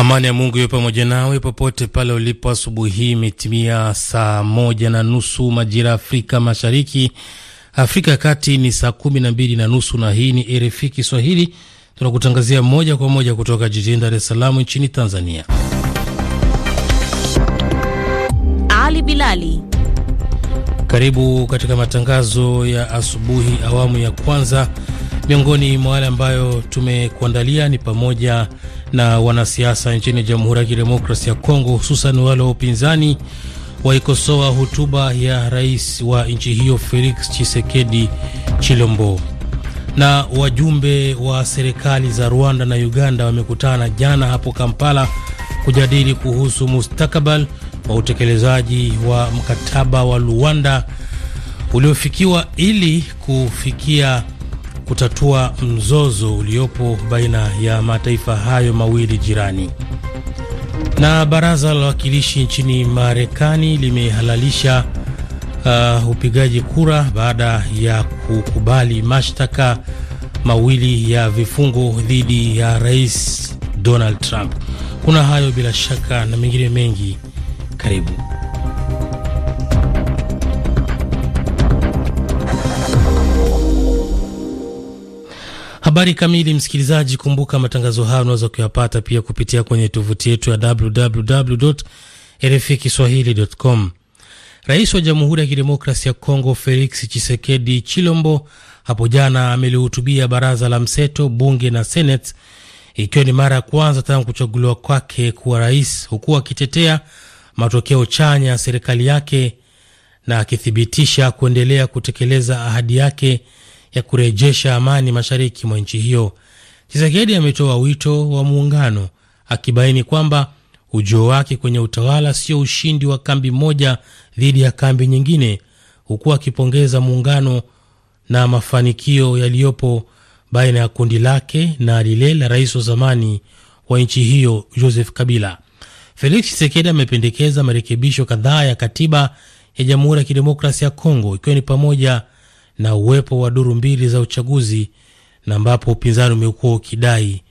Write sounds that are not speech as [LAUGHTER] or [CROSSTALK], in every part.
Amani ya Mungu iwe pamoja nawe popote pale ulipo. Asubuhi hii imetimia saa moja na nusu majira Afrika Mashariki, Afrika ya Kati ni saa kumi na mbili na nusu na hii ni RFI Kiswahili, tunakutangazia moja kwa moja kutoka jijini Dar es Salaam nchini Tanzania. Ali Bilali, karibu katika matangazo ya asubuhi awamu ya kwanza. Miongoni mwa wale ambayo tumekuandalia ni pamoja na wanasiasa nchini Jamhuri ya Kidemokrasia ya Kongo, hususan wale wa upinzani, waikosoa hotuba ya rais wa nchi hiyo Felix chisekedi Chilombo. Na wajumbe wa serikali za Rwanda na Uganda wamekutana jana hapo Kampala kujadili kuhusu mustakabali wa utekelezaji wa mkataba wa Luanda uliofikiwa ili kufikia kutatua mzozo uliopo baina ya mataifa hayo mawili jirani. Na baraza la wawakilishi nchini Marekani limehalalisha uh, upigaji kura baada ya kukubali mashtaka mawili ya vifungo dhidi ya Rais Donald Trump. Kuna hayo bila shaka na mengine mengi, karibu. Habari kamili, msikilizaji, kumbuka matangazo haya unaweza kuyapata pia kupitia kwenye tovuti yetu ya www RFI Rais wa Jamhuri ya Kidemokrasi ya Kongo Felix Chisekedi Chilombo hapo jana amelihutubia baraza la mseto, bunge na seneti, ikiwa ni mara ya kwanza tangu kuchaguliwa kwake kuwa rais, huku akitetea matokeo chanya ya serikali yake na akithibitisha kuendelea kutekeleza ahadi yake ya kurejesha amani mashariki mwa nchi hiyo. chisekedi ametoa wito wa muungano, akibaini kwamba ujio wake kwenye utawala sio ushindi wa kambi moja dhidi ya kambi nyingine, huku akipongeza muungano na mafanikio yaliyopo baina ya kundi lake na lile la rais wa zamani wa nchi hiyo Joseph Kabila. Felix chisekedi amependekeza marekebisho kadhaa ya katiba ya Jamhuri ya Kidemokrasia ya Kongo, ikiwa ni pamoja na uwepo wa duru mbili za uchaguzi na ambapo upinzani umekuwa ukidai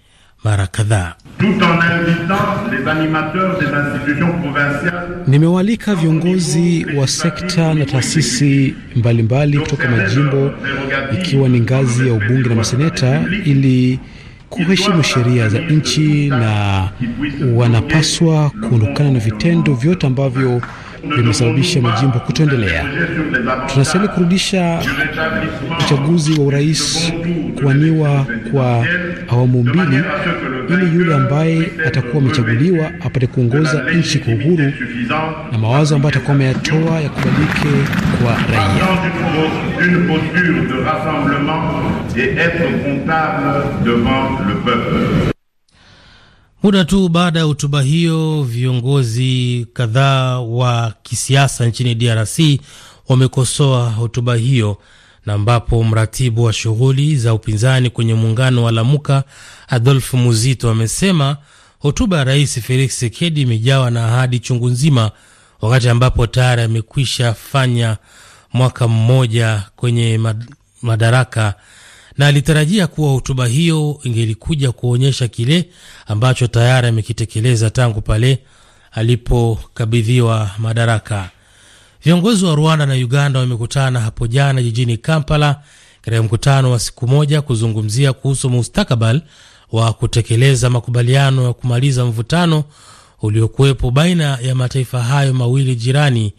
mara kadhaa. Nimewaalika viongozi wa sekta na taasisi mbalimbali kutoka majimbo, ikiwa ni ngazi ya ubunge na maseneta, ili kuheshimu sheria za nchi, na wanapaswa kuondokana na vitendo vyote ambavyo vimesababisha majimbo kutoendelea. Tunastahili kurudisha uchaguzi wa urais kuwaniwa kwa awamu mbili, ili yule ambaye atakuwa amechaguliwa apate kuongoza nchi kwa uhuru na mawazo ambayo atakuwa ameyatoa yakubalike kwa raia. Muda tu baada ya hotuba hiyo, viongozi kadhaa wa kisiasa nchini DRC wamekosoa hotuba hiyo, na ambapo mratibu wa shughuli za upinzani kwenye muungano wa Lamuka Adolf Muzito amesema hotuba ya Rais Felix Tshisekedi imejawa na ahadi chungu nzima, wakati ambapo tayari amekwisha fanya mwaka mmoja kwenye madaraka na alitarajia kuwa hotuba hiyo ingelikuja kuonyesha kile ambacho tayari amekitekeleza tangu pale alipokabidhiwa madaraka. Viongozi wa Rwanda na Uganda wamekutana hapo jana jijini Kampala katika mkutano wa siku moja kuzungumzia kuhusu mustakabali wa kutekeleza makubaliano ya kumaliza mvutano uliokuwepo baina ya mataifa hayo mawili jirani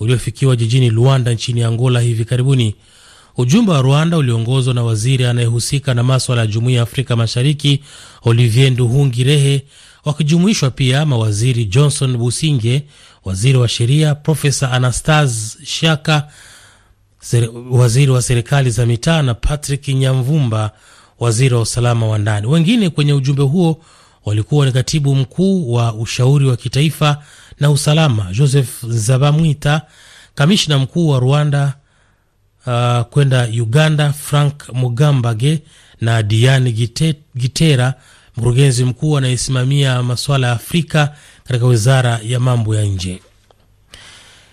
uliofikiwa jijini Luanda nchini Angola hivi karibuni. Ujumbe wa Rwanda uliongozwa na waziri anayehusika na maswala ya jumuiya ya Afrika Mashariki Olivier Nduhungirehe, wakijumuishwa pia mawaziri Johnson Businge, waziri wa sheria, Profesa Anastas Shaka, waziri wa serikali za mitaa na Patrick Nyamvumba, waziri wa usalama wa ndani. Wengine kwenye ujumbe huo walikuwa ni katibu mkuu wa ushauri wa kitaifa na usalama Joseph Zabamwita, kamishna mkuu wa Rwanda uh, kwenda Uganda, Frank Mugambage na Diane Gite, Gitera, mkurugenzi mkuu anayesimamia masuala ya Afrika katika wizara ya mambo ya nje.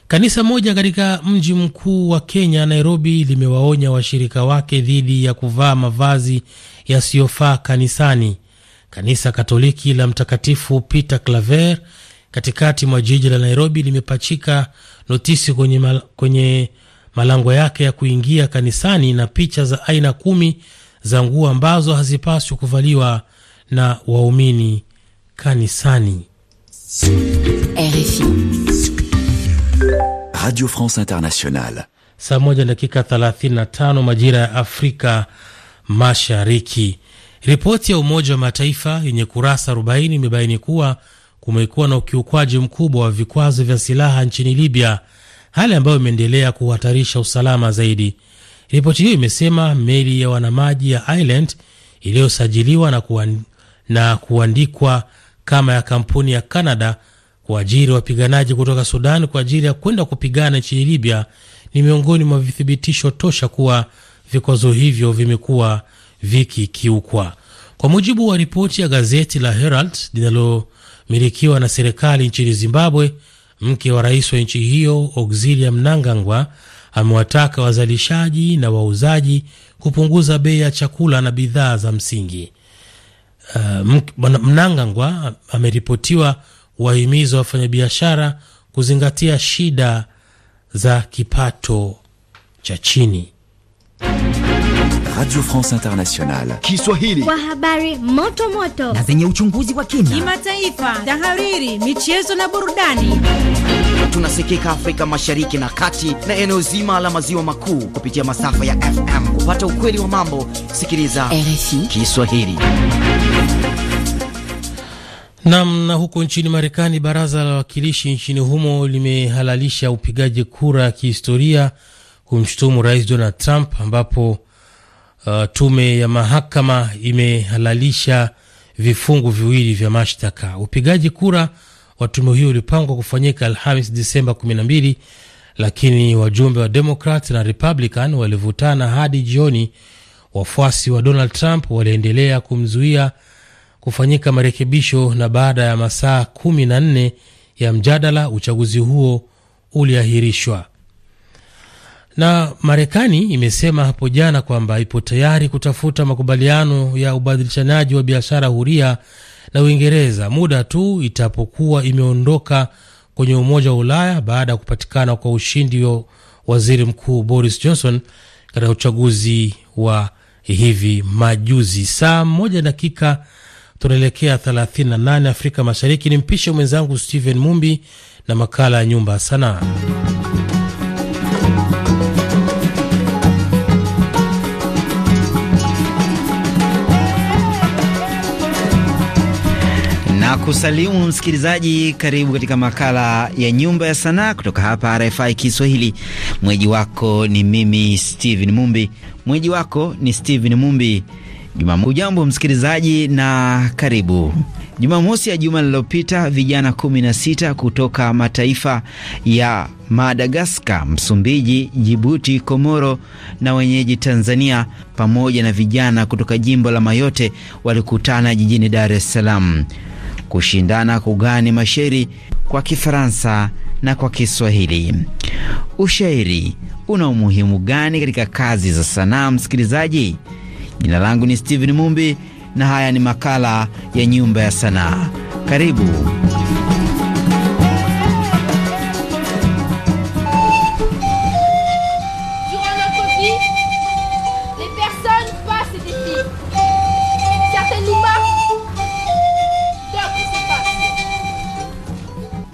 Kanisa moja katika mji mkuu wa Kenya, Nairobi, limewaonya washirika wake dhidi ya kuvaa mavazi yasiyofaa kanisani. Kanisa Katoliki la Mtakatifu Peter Claver katikati mwa jiji la Nairobi limepachika notisi kwenye, kwenye malango yake ya kuingia kanisani na picha za aina kumi za nguo ambazo hazipaswi kuvaliwa na waumini kanisani. RFI Radio France Internationale, saa moja dakika 35 majira ya Afrika Mashariki. Ripoti ya Umoja wa Mataifa yenye kurasa 40 imebaini kuwa kumekuwa na ukiukwaji mkubwa wa vikwazo vya silaha nchini Libya hali ambayo imeendelea kuhatarisha usalama zaidi. Ripoti hiyo imesema meli ya wanamaji ya Ireland iliyosajiliwa na, kuand, na kuandikwa kama ya kampuni ya Canada kuajiri wapiganaji kutoka Sudan kwa ajili ya kwenda kupigana nchini Libya ni miongoni mwa vithibitisho tosha kuwa vikwazo hivyo vimekuwa vikikiukwa. Kwa mujibu wa ripoti ya gazeti la Herald linalomilikiwa na serikali nchini Zimbabwe, Mke wa rais wa nchi hiyo Auxilia Mnangagwa amewataka wazalishaji na wauzaji kupunguza bei ya chakula na bidhaa za msingi. Uh, Mnangagwa ameripotiwa wahimiza wafanyabiashara kuzingatia shida za kipato cha chini. Radio France Internationale Kiswahili, kwa habari moto moto na zenye uchunguzi wa kina, kimataifa, tahariri, michezo na burudani. Tunasikika Afrika Mashariki na Kati na eneo zima la maziwa makuu kupitia masafa ya FM. Kupata ukweli wa mambo, sikiliza RFI Kiswahili. Nam. Na huko nchini Marekani, baraza la wawakilishi nchini humo limehalalisha upigaji kura ya kihistoria kumshutumu Rais Donald Trump ambapo Uh, tume ya mahakama imehalalisha vifungu viwili vya mashtaka. Upigaji kura wa tume hiyo ulipangwa kufanyika Alhamis Disemba 12, lakini wajumbe wa Democrat na Republican walivutana hadi jioni. Wafuasi wa Donald Trump waliendelea kumzuia kufanyika marekebisho, na baada ya masaa 14 ya mjadala uchaguzi huo uliahirishwa. Na Marekani imesema hapo jana kwamba ipo tayari kutafuta makubaliano ya ubadilishanaji wa biashara huria na Uingereza muda tu itapokuwa imeondoka kwenye Umoja wa Ulaya baada ya kupatikana kwa ushindi wa Waziri Mkuu Boris Johnson katika uchaguzi wa hivi majuzi. Saa moja dakika tunaelekea 38 Afrika Mashariki. Ni mpishe mwenzangu Stephen Mumbi na makala ya Nyumba ya Sanaa. nakusalimu kusalimu msikilizaji, karibu katika makala ya Nyumba ya Sanaa kutoka hapa RFI Kiswahili. Mweji wako ni mimi Steven Mumbi, mweji wako ni Steven Mumbi. ujambo msikilizaji na karibu. Jumamosi ya juma lililopita vijana 16 kutoka mataifa ya Madagaskar, Msumbiji, Jibuti, Komoro na wenyeji Tanzania pamoja na vijana kutoka jimbo la Mayote walikutana jijini Dar es Salaam kushindana kugani mashairi kwa Kifaransa na kwa Kiswahili. Ushairi una umuhimu gani katika kazi za sanaa, msikilizaji? Jina langu ni Steven Mumbi na haya ni makala ya Nyumba ya Sanaa. Karibu.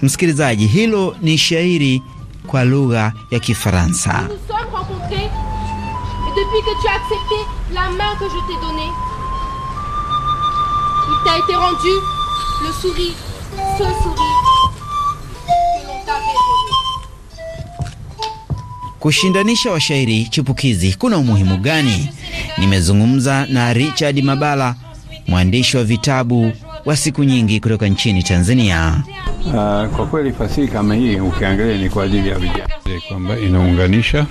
Msikilizaji, hilo ni shairi kwa lugha ya Kifaransa. Kushindanisha washairi chipukizi kuna umuhimu gani? Nimezungumza na Richard Mabala, mwandishi wa vitabu wa siku nyingi kutoka nchini Tanzania. Uh, kwa kweli fasihi kama hii ukiangalia ni kwa ajili ya vijana, kwamba inaunganisha.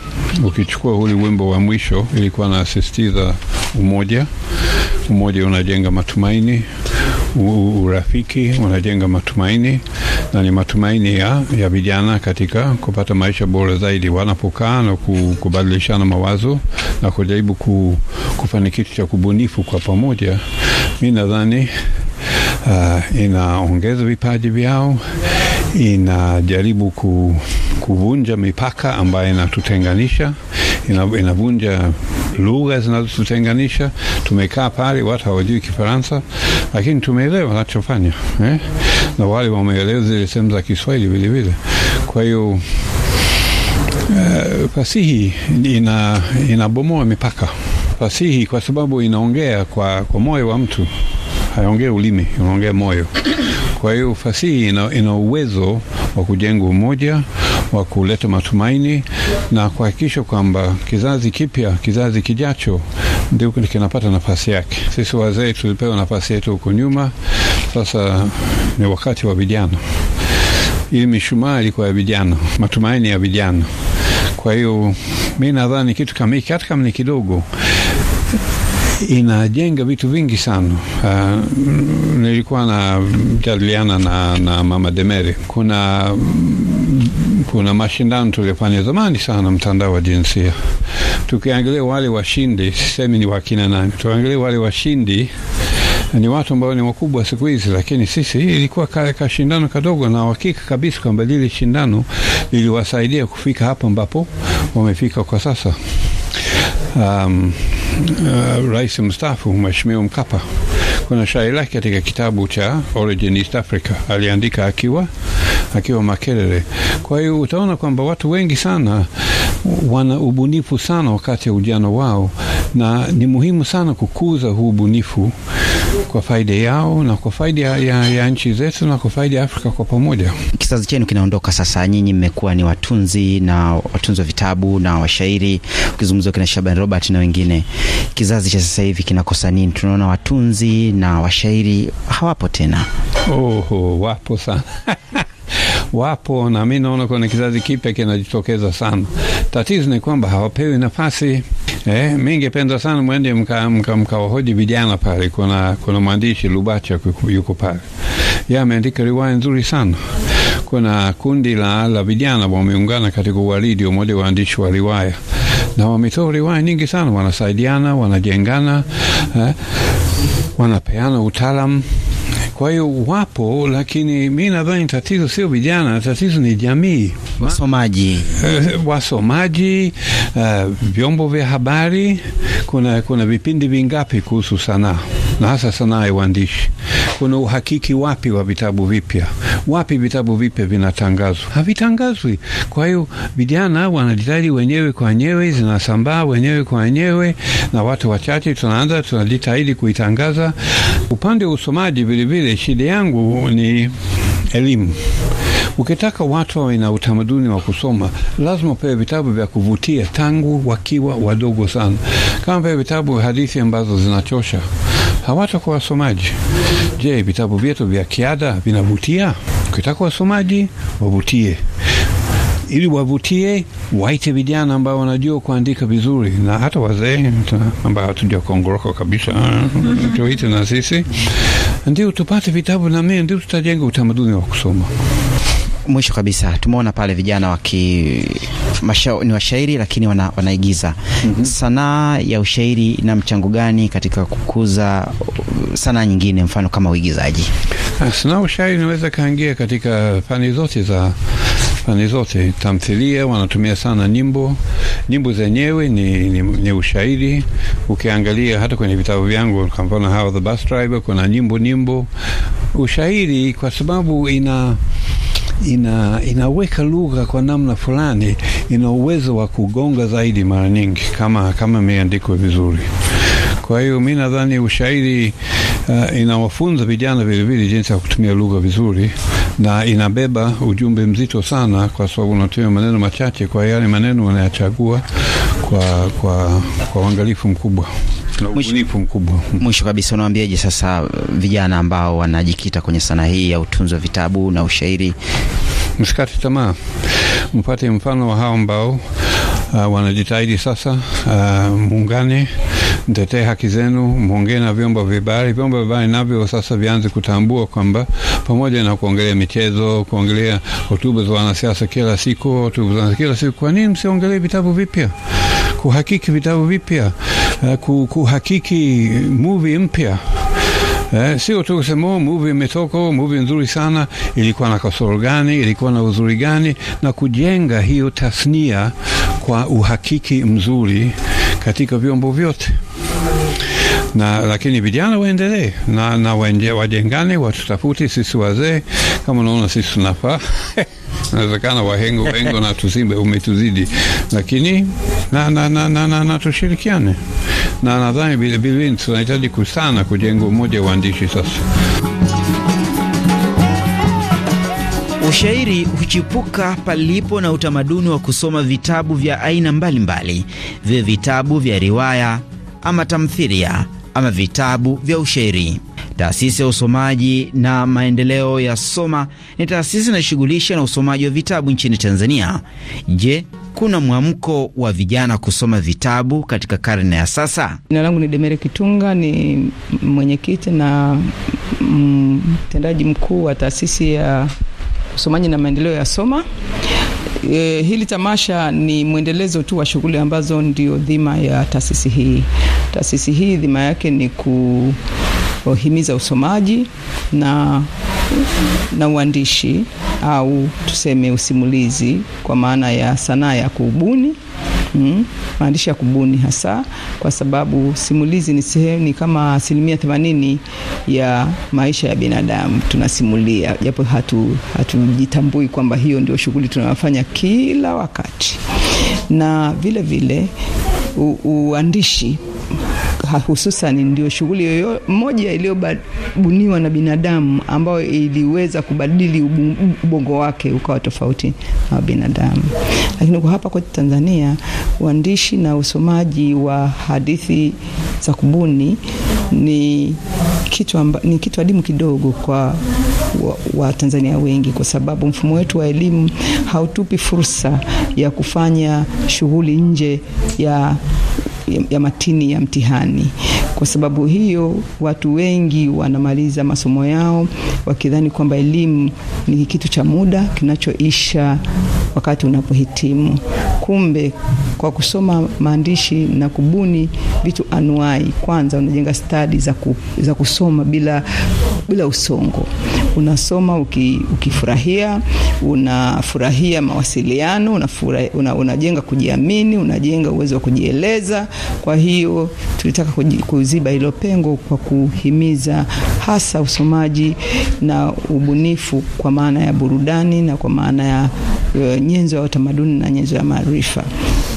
Ukichukua huli wimbo wa mwisho, ilikuwa nasisitiza umoja. Umoja unajenga matumaini, urafiki unajenga matumaini, na ni matumaini ya, ya vijana katika kupata maisha bora zaidi wanapokaa na kubadilishana mawazo na kujaribu kufanikisha cha kubunifu kwa pamoja. Mi nadhani uh, inaongeza vipaji vyao, inajaribu ku, kuvunja mipaka ambayo inatutenganisha, inavunja lugha zinazotutenganisha. Tumekaa pale, watu hawajui Kifaransa, lakini tumeelewa anachofanya eh? na wale wameelewa zile sehemu za Kiswahili vilevile. Kwa hiyo Uh, fasihi ina inabomoa mipaka. Fasihi kwa sababu inaongea kwa, kwa moyo wa mtu haongei ulimi, unaongea moyo. Kwa hiyo fasihi ina, ina uwezo wa kujenga umoja wa kuleta matumaini na kuhakikisha kwamba kizazi kipya, kizazi kijacho ndio kinapata nafasi yake. Sisi wazee tulipewa nafasi yetu huko nyuma, sasa ni wakati wa vijana. Hii mishumaa ilikuwa ya vijana, matumaini ya vijana. Kwa hiyo mi nadhani kitu kama hiki, hata kama ni kidogo inajenga vitu vingi sana. Uh, nilikuwa na jadiliana na, na mama Demeri, kuna kuna mashindano tulifanya zamani sana mtandao wa jinsia, tukiangalia wale washindi, sisemi ni wakina nani, tuangalie wale washindi ni watu ambao ni wakubwa siku hizi, lakini sisi ilikuwa kashindano ka kadogo, na uhakika kabisa kwamba lile shindano liliwasaidia kufika hapa ambapo wamefika kwa sasa. Um, uh, rais mstaafu Mheshimiwa Mkapa. Kuna shairi lake katika kitabu cha Origin East Africa aliandika akiwa akiwa Makerere. Kwa hiyo utaona kwamba watu wengi sana wana ubunifu sana wakati ya ujana wao, na ni muhimu sana kukuza huu ubunifu kwa faida yao na kwa faida ya, ya nchi zetu na kwa faida ya Afrika kwa pamoja. Kizazi chenu kinaondoka sasa, nyinyi mmekuwa ni watunzi na watunzi wa vitabu na washairi, ukizungumzia kina Shaban Robert na wengine. Kizazi cha sasa hivi kinakosa nini? Tunaona watunzi na washairi hawapo tena. Oho, wapo sana [LAUGHS] wapo na mi naona kuna kizazi kipya kinajitokeza sana. Tatizo ni kwamba hawapewi nafasi eh, mingependa sana mwende mkawahoji mka, vijana pale. Kuna, kuna mwandishi Lubacha yuko pale, yeye ameandika riwaya nzuri sana. Kuna kundi la la vijana wameungana katika uwaridi umoja wa waandishi wa riwaya, na wametoa riwaya nyingi sana, wanasaidiana, wanajengana eh, wanapeana utaalamu kwa hiyo wapo, lakini mi nadhani tatizo sio vijana, tatizo ni jamii, wasomaji uh, wasomaji uh, vyombo vya habari. Kuna kuna vipindi vingapi kuhusu sanaa na hasa sanaa ya uandishi? kuna uhakiki wapi wa vitabu vipya? Wapi vitabu vipya vinatangazwa? Havitangazwi. Kwa hiyo vijana wanajitahidi wenyewe kwa wenyewe, zinasambaa wenyewe kwa wenyewe na watu wachache, tunaanza tunajitahidi kuitangaza. Upande wa usomaji vilevile, shida yangu ni elimu. Ukitaka watu wawe na utamaduni wa kusoma, lazima upewe vitabu vya kuvutia tangu wakiwa wadogo sana. Kama vile vitabu hadithi ambazo zinachosha, hawatakuwa wasomaji. Je, vitabu vyetu vya kiada vinavutia? Ukitaka wasomaji wavutie, ili wavutie, waite vijana ambao wanajua kuandika vizuri na hata wazee ambao hatujakongoroka kabisa, [LAUGHS] tuite na sisi, ndio tupate vitabu namna, ndio tutajenga utamaduni wa kusoma mwisho kabisa tumeona pale vijana waki masha, ni washairi lakini wana, wanaigiza mm -hmm. Sanaa ya ushairi ina mchango gani katika kukuza sanaa nyingine, mfano kama uigizaji? Ah, sanaa ushairi inaweza kaingia katika fani zote za fani zote. Tamthilia wanatumia sana nyimbo, nyimbo zenyewe ni, ni, ni ushairi. Ukiangalia hata kwenye vitabu vyangu, kwa mfano How the Bus Driver, kuna nyimbo nyimbo ushairi, kwa sababu ina ina, inaweka lugha kwa namna fulani, ina uwezo wa kugonga zaidi mara nyingi kama kama imeandikwa vizuri. Kwa hiyo mi nadhani ushairi uh, inawafunza vijana vilevile jinsi ya kutumia lugha vizuri, na inabeba ujumbe mzito sana, kwa sababu unatumia maneno machache, kwa yale maneno wanayachagua kwa, kwa, kwa uangalifu mkubwa na ubunifu mkubwa. [LAUGHS] Mwisho kabisa, unawaambiaje sasa uh, vijana ambao wanajikita kwenye sanaa hii ya utunzi wa vitabu na ushairi? Msikate tamaa, mpate mfano wa hao ambao uh, wanajitahidi sasa. Uh, muungane, mtetee haki zenu, muongee na vyombo vya habari. Vyombo vya habari navyo sasa vianze kutambua kwamba pamoja na kuongelea michezo, kuongelea hotuba za wanasiasa kila siku, hotuba za kila siku, kwa nini msiongelee vitabu vipya? kuhakiki vitabu vipya, eh, kuhakiki movie mpya. Eh, sio tu kusema oh, movie imetoka, oh, movie nzuri sana, ilikuwa na kasoro gani, ilikuwa na uzuri gani, na kujenga hiyo tasnia kwa uhakiki mzuri katika vyombo vyote na lakini vijana waendelee na, na wajengane, watutafuti sisi wazee, kama unaona sisi tunafaa. [LAUGHS] Inawezekana wahengo wengo na tusimbe umetuzidi, lakini na, na, na, na, na, na tushirikiane, na nadhani vilevile tunahitaji kusana kujenga umoja uandishi sasa. Ushairi huchipuka palipo na utamaduni wa kusoma vitabu vya aina mbalimbali, vile vitabu vya riwaya ama tamthilia ama vitabu vya ushairi. Taasisi ya usomaji na maendeleo ya Soma ni taasisi inayoshughulisha na usomaji wa vitabu nchini Tanzania. Je, kuna mwamko wa vijana kusoma vitabu katika karne ya sasa? Jina langu ni Demere Kitunga, ni mwenyekiti na mtendaji mkuu wa taasisi ya usomaji na maendeleo ya Soma. E, hili tamasha ni mwendelezo tu wa shughuli ambazo ndio dhima ya taasisi hii. Taasisi hii dhima yake ni ku kuhimiza usomaji na, na uandishi au tuseme usimulizi kwa maana ya sanaa ya kubuni mm, maandishi ya kubuni hasa, kwa sababu simulizi ni sehemu, ni kama asilimia themanini ya maisha ya binadamu tunasimulia, japo hatu hatujitambui kwamba hiyo ndio shughuli tunayofanya kila wakati, na vile vile u, uandishi hususan ndio shughuli moja iliyobuniwa na binadamu ambayo iliweza kubadili ubongo wake ukawa tofauti na binadamu. Lakini kwa hapa kwetu Tanzania, uandishi na usomaji wa hadithi za kubuni ni kitu, amba, ni kitu adimu kidogo kwa Watanzania wa wengi, kwa sababu mfumo wetu wa elimu hautupi fursa ya kufanya shughuli nje ya ya matini ya mtihani. Kwa sababu hiyo, watu wengi wanamaliza masomo yao wakidhani kwamba elimu ni kitu cha muda kinachoisha wakati unapohitimu. Kumbe kwa kusoma maandishi na kubuni vitu anuai, kwanza unajenga stadi za, ku, za kusoma bila, bila usongo unasoma uki, ukifurahia, unafurahia mawasiliano, unajenga una, unajenga kujiamini, unajenga uwezo wa kujieleza. Kwa hiyo tulitaka kuziba hilo pengo kwa kuhimiza hasa usomaji na ubunifu kwa maana ya burudani na kwa maana ya uh, nyenzo ya utamaduni na nyenzo ya maarifa.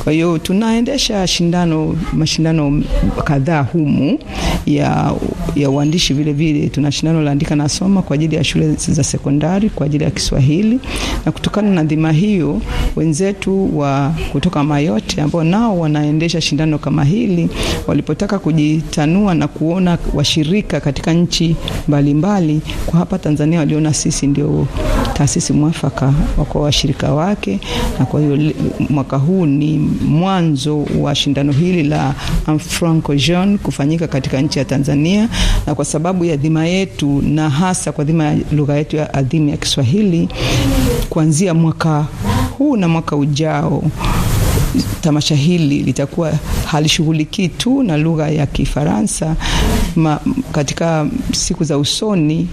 Kwa hiyo tunaendesha shindano, mashindano kadhaa humu ya ya uandishi vile vile, tuna shindano la andika na soma kwa ajili ya shule za sekondari kwa ajili ya Kiswahili, na kutokana na dhima hiyo wenzetu wa kutoka Mayote ambao nao wanaendesha shindano kama hili walipotaka kujitanua na kuona washirika katika nchi mbalimbali mbali, kwa hapa Tanzania waliona sisi ndio taasisi mwafaka wako washirika wake, na kwa hiyo mwaka huu ni mwanzo wa shindano hili la Afrancojeune kufanyika katika nchi ya Tanzania, na kwa sababu ya dhima yetu na hasa kwa dhima ya lugha yetu ya adhimu ya Kiswahili, kuanzia mwaka huu na mwaka ujao tamasha hili litakuwa halishughulikii tu na lugha ya Kifaransa. Katika siku za usoni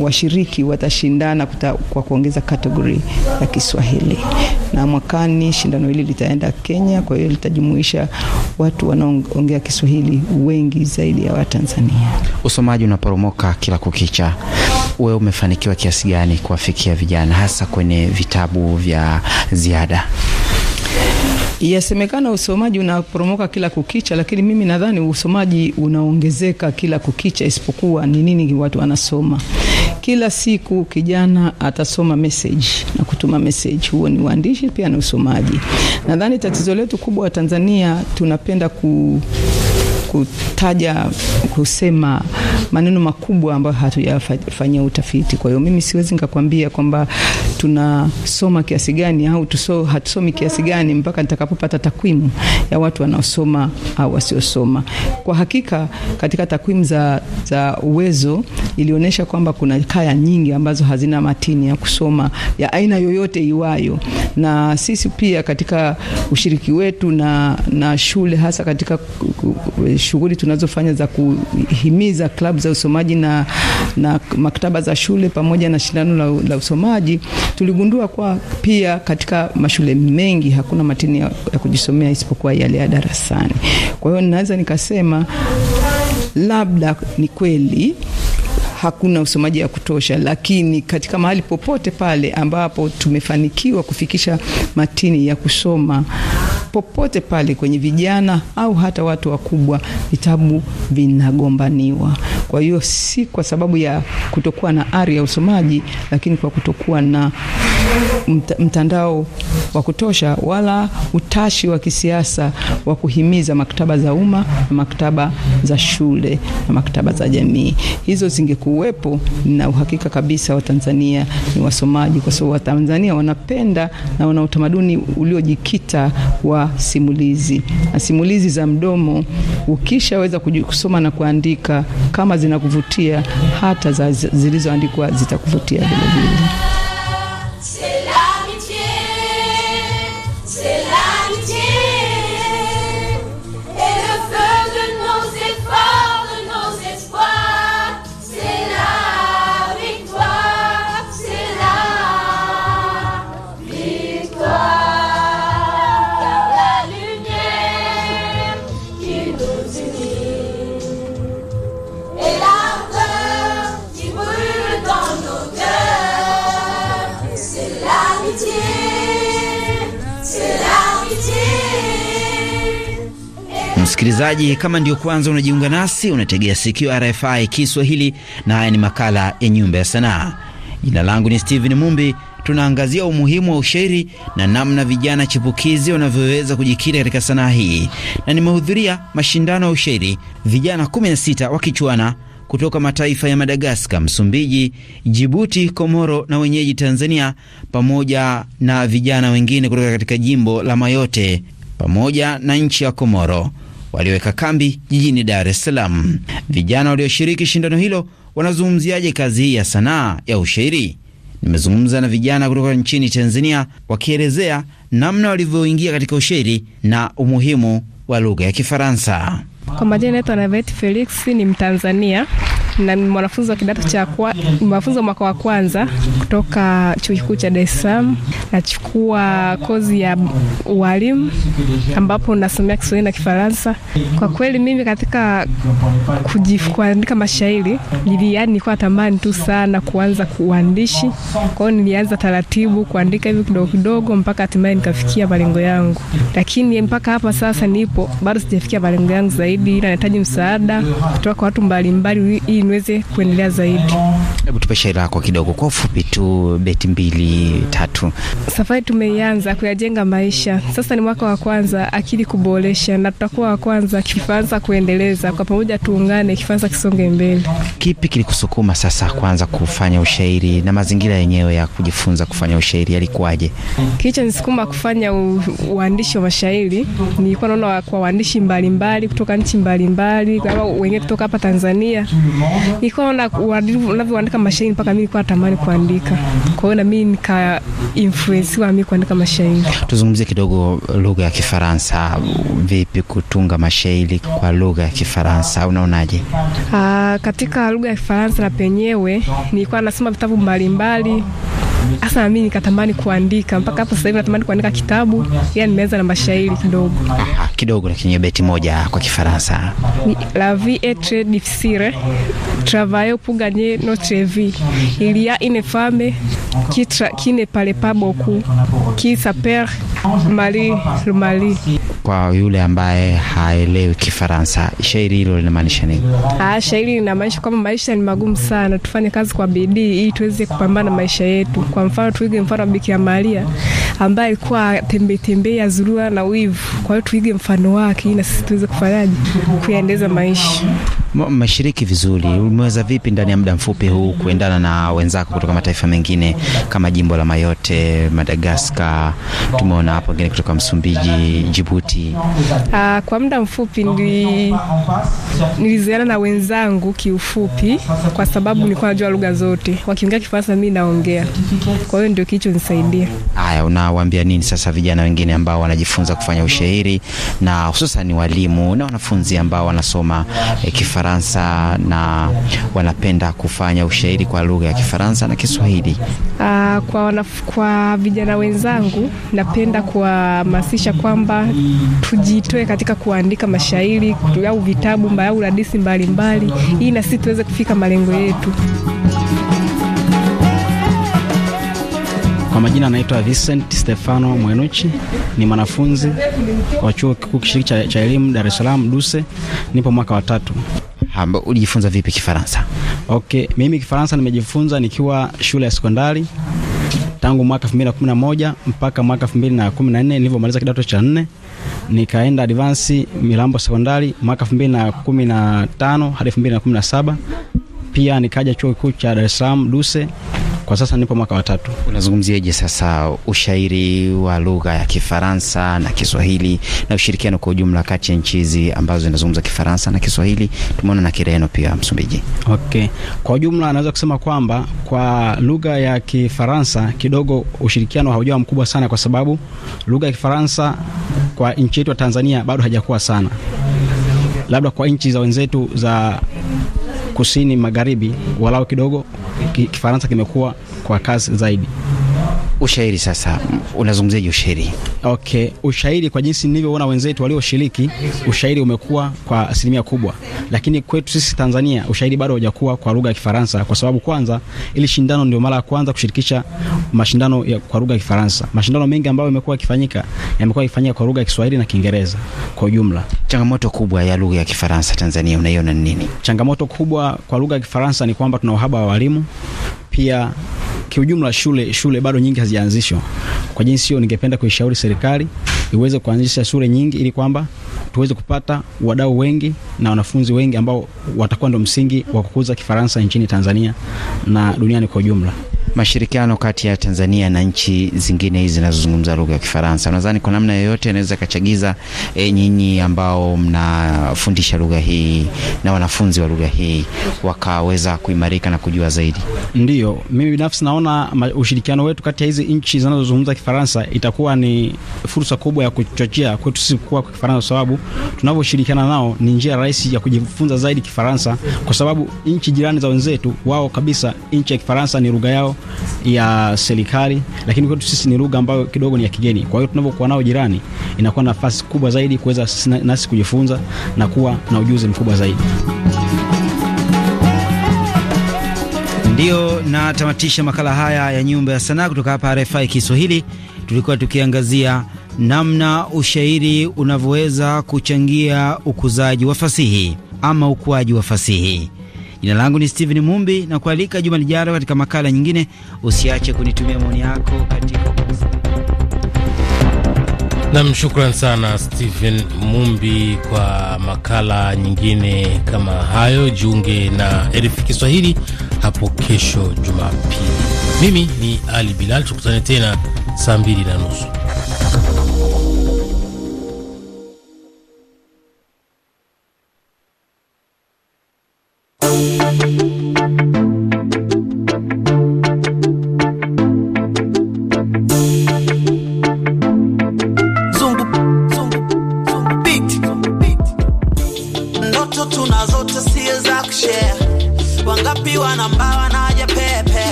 washiriki watashindana kuta, kwa kuongeza kategori ya Kiswahili, na mwakani shindano hili litaenda Kenya. Kwa hiyo litajumuisha watu wanaoongea Kiswahili wengi zaidi ya Watanzania. Usomaji unaporomoka kila kukicha, wewe umefanikiwa kiasi gani kuwafikia vijana hasa kwenye vitabu vya ziada? Yasemekana usomaji unaporomoka kila kukicha, lakini mimi nadhani usomaji unaongezeka kila kukicha, isipokuwa ni nini watu wanasoma kila siku kijana atasoma message na kutuma message, huo ni uandishi pia ni usomaji. Nadhani tatizo letu kubwa wa Tanzania tunapenda ku kutaja kusema maneno makubwa ambayo hatujafanyia utafiti. Kwa hiyo mimi siwezi nikakwambia kwamba tunasoma kiasi gani au tuso, hatusomi kiasi gani mpaka nitakapopata takwimu ya watu wanaosoma au wasiosoma. Kwa hakika katika takwimu za, za uwezo ilionyesha kwamba kuna kaya nyingi ambazo hazina matini ya kusoma ya aina yoyote iwayo, na sisi pia katika ushiriki wetu na, na shule hasa katika shughuli tunazofanya za kuhimiza klabu za usomaji na, na maktaba za shule pamoja na shindano la, la usomaji, tuligundua kwa pia katika mashule mengi hakuna matini ya, ya kujisomea isipokuwa yale ya darasani. Kwa hiyo naweza nikasema labda ni kweli hakuna usomaji ya kutosha, lakini katika mahali popote pale ambapo tumefanikiwa kufikisha matini ya kusoma popote pale, kwenye vijana au hata watu wakubwa, vitabu vinagombaniwa. Kwa hiyo si kwa sababu ya kutokuwa na ari ya usomaji, lakini kwa kutokuwa na mtandao wa kutosha wala utashi wa kisiasa wa kuhimiza maktaba za umma na maktaba za shule na maktaba za jamii. Hizo zingekuwepo, na uhakika kabisa Watanzania ni wasomaji, kwa sababu Watanzania wanapenda na wana utamaduni uliojikita wa simulizi na simulizi za mdomo. Ukishaweza kusoma na kuandika, kama zinakuvutia, hata zilizoandikwa zitakuvutia vilevile. Msikilizaji, kama ndio kwanza unajiunga nasi, unategea sikio RFI Kiswahili, na haya ni makala ya Nyumba ya Sanaa. Jina langu ni Steven Mumbi tunaangazia umuhimu wa ushairi na namna vijana chipukizi wanavyoweza kujikita katika sanaa hii, na nimehudhuria mashindano ya ushairi vijana 16 wakichuana kutoka mataifa ya Madagaskar, Msumbiji, Jibuti, Komoro na wenyeji Tanzania, pamoja na vijana wengine kutoka katika jimbo la Mayote pamoja na nchi ya Komoro walioweka kambi jijini Dar es Salaam. Vijana walioshiriki shindano hilo wanazungumziaje kazi hii ya sanaa ya ushairi? Nimezungumza na vijana kutoka nchini Tanzania wakielezea namna walivyoingia katika ushairi na umuhimu wa lugha ya Kifaransa. Kwa majina naitwa Navet Felix, ni Mtanzania na mwanafunzi wa kidato cha mwanafunzi wa mwaka wa kwanza kutoka chuo kikuu cha Dar es Salaam. Nachukua kozi ya ualimu ambapo nasomea Kiswahili na Kifaransa. Kwa kweli mimi katika kuandika mashairi nili, yani nilikuwa tamani tu sana kuanza kuandishi, kwa hiyo nilianza taratibu kuandika hivi kidogo kidogo mpaka hatimaye nikafikia malengo yangu, lakini mpaka hapa sasa nipo bado sijafikia malengo yangu zaidi, ila nahitaji msaada kutoka kwa watu mbalimbali ili niweze kuendelea zaidi. Hebu tupe shairi lako kidogo kwa ufupi tu, beti mbili tatu. Safari tumeianza kuyajenga maisha, sasa ni mwaka wa kwanza, akili kuboresha, na tutakuwa wa kwanza Kifaransa kuendeleza. Kwa pamoja tuungane, Kifaransa kisonge mbele. Kipi kilikusukuma sasa kuanza kufanya ushairi na mazingira yenyewe ya kujifunza kufanya ushairi yalikuwaje? nisukuma kufanya u, uandishi wa mashairi, nilikuwa naona kwa waandishi mbalimbali kutoka nchi mbalimbali, wengine kutoka hapa Tanzania Uh-huh. nilikuwa naona unavyoandika mashairi mpaka mimi nilikuwa natamani kuandika. Kwa hiyo na mimi nika influence wa mimi kuandika mashairi. Tuzungumzie kidogo lugha ya Kifaransa, vipi kutunga mashairi kwa lugha ya Kifaransa, unaonaje? Ah, katika lugha ya Kifaransa na penyewe nilikuwa nasoma vitabu mbalimbali hasa mimi nikatamani kuandika mpaka hapo sasa hivi natamani kuandika kitabu, yani nimeanza na mashairi kidogo. Aha, kidogo lakini beti moja kwa Kifaransa. La vie est très difficile travaille pour gagner notre vie. Il y a une femme qui, qui ne parle pas beaucoup, qui s'appelle Marie le Mali. Kwa yule ambaye haelewi Kifaransa, shairi hilo linamaanisha nini? Ah, shairi linamaanisha kwamba maisha ni magumu sana, tufanye kazi kwa bidii ili tuweze kupambana maisha yetu. Kwa mfano, tuige mfano wa Bikira Maria ambaye alikuwa zurua na wivu. Kwa hiyo tuige mfano wake, na sisi tuweze kufanyaje maisha mmeshiriki vizuri. Umeweza vipi ndani ya muda mfupi huu kuendana na wenzako kutoka mataifa mengine kama jimbo la Mayote, Madagaskar, tumeona hapo wengine kutoka Msumbiji, Jibuti? Uh, kwa muda mfupi ndi niliziana na wenzangu kiufupi, kwa sababu nilikuwa najua lugha zote, wakiongea Kifaransa mi naongea, kwa hiyo ndio kilichonisaidia. Haya, unawaambia nini sasa vijana wengine ambao wanajifunza kufanya ushairi na hususan walimu na wanafunzi ambao wanasoma eh, Kifaransa? Kifaransa na wanapenda kufanya ushairi kwa lugha ya Kifaransa na Kiswahili. Uh, kwa, kwa vijana wenzangu napenda kuhamasisha kwamba tujitoe katika kuandika mashairi au vitabu au radisi mbalimbali ili na sisi tuweze kufika malengo yetu. Kwa majina anaitwa Vincent Stefano Mwenuchi, ni mwanafunzi wa chuo kikuu kishiriki cha elimu Dar es Salaam DUSE, nipo mwaka wa tatu. Hamba, ulijifunza vipi Kifaransa? Okay, mimi Kifaransa nimejifunza nikiwa shule ya sekondari tangu mwaka 2011 mpaka mwaka 2014 nilivyomaliza kidato cha nne, nikaenda advance Milambo sekondari mwaka 2015 hadi 2017. Pia nikaja chuo kikuu cha Dar es Salaam Duse kwa sasa nipo mwaka wa tatu. Unazungumziaje sasa ushairi wa lugha ya Kifaransa na Kiswahili na ushirikiano kwa ujumla kati ya nchi hizi ambazo zinazungumza Kifaransa na Kiswahili? Tumeona na Kireno pia Msumbiji. Okay. Kwa ujumla anaweza kusema kwamba kwa lugha ya Kifaransa kidogo ushirikiano haujawa mkubwa sana, kwa sababu lugha ya Kifaransa kwa nchi yetu ya Tanzania bado hajakuwa sana, labda kwa nchi za wenzetu za kusini magharibi walao kidogo Kifaransa kimekuwa kwa kasi zaidi. Ushairi sasa, unazungumziaje ushairi? Okay, ushairi kwa jinsi nilivyoona wenzetu walioshiriki ushairi umekuwa kwa asilimia kubwa, lakini kwetu sisi Tanzania ushairi bado haujakuwa kwa lugha ya Kifaransa, kwa sababu kwanza ili shindano ndio mara ya kwanza kushirikisha mashindano ya kwa lugha ya Kifaransa. Mashindano mengi ambayo yamekuwa yakifanyika yamekuwa yakifanyika kwa lugha ya Kiswahili na Kiingereza kwa ujumla. Changamoto kubwa ya lugha ya Kifaransa Tanzania unaiona nini? Changamoto kubwa kwa lugha ya Kifaransa ni kwamba tuna uhaba wa walimu pia kiujumla shule shule bado nyingi hazijaanzishwa. Kwa jinsi hiyo, ningependa kuishauri serikali iweze kuanzisha shule nyingi ili kwamba tuweze kupata wadau wengi na wanafunzi wengi ambao watakuwa ndo msingi wa kukuza Kifaransa nchini Tanzania na duniani kwa ujumla mashirikiano kati ya Tanzania na nchi zingine hizi zinazozungumza lugha ya Kifaransa, nadhani kwa namna yoyote anaweza kachagiza e, nyinyi ambao mnafundisha lugha hii na wanafunzi wa lugha hii wakaweza kuimarika na kujua zaidi? Ndiyo, mimi binafsi naona ushirikiano wetu kati ya hizi nchi zinazozungumza Kifaransa itakuwa ni fursa kubwa ya kuchochea kwetu sisi kuwa kwa Kifaransa, kwa sababu tunavyoshirikiana nao ni njia rahisi ya kujifunza zaidi Kifaransa, kwa sababu nchi jirani za wenzetu wao kabisa, nchi ya Kifaransa ni lugha yao ya serikali, lakini kwetu sisi ni lugha ambayo kidogo ni ya kigeni. Kwa hiyo tunavyokuwa nao jirani, inakuwa nafasi kubwa zaidi kuweza nasi kujifunza na kuwa na ujuzi mkubwa zaidi. Ndiyo natamatisha makala haya ya Nyumba ya Sanaa kutoka hapa RFI Kiswahili. Tulikuwa tukiangazia namna ushairi unavyoweza kuchangia ukuzaji wa fasihi ama ukuaji wa fasihi. Jina langu ni Steven Mumbi na kualika juma lijalo katika makala nyingine. Usiache kunitumia maoni yako katika Nam, shukran sana stehen Mumbi kwa makala nyingine kama hayo. Jiunge na RFI Kiswahili hapo kesho Jumapili. Mimi ni Ali Bilal, tukutane tena saa mbili na nusu.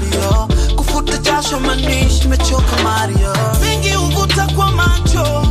Mario, kufuta jasho manishi, nimechoka Mario, mengi unguta kwa macho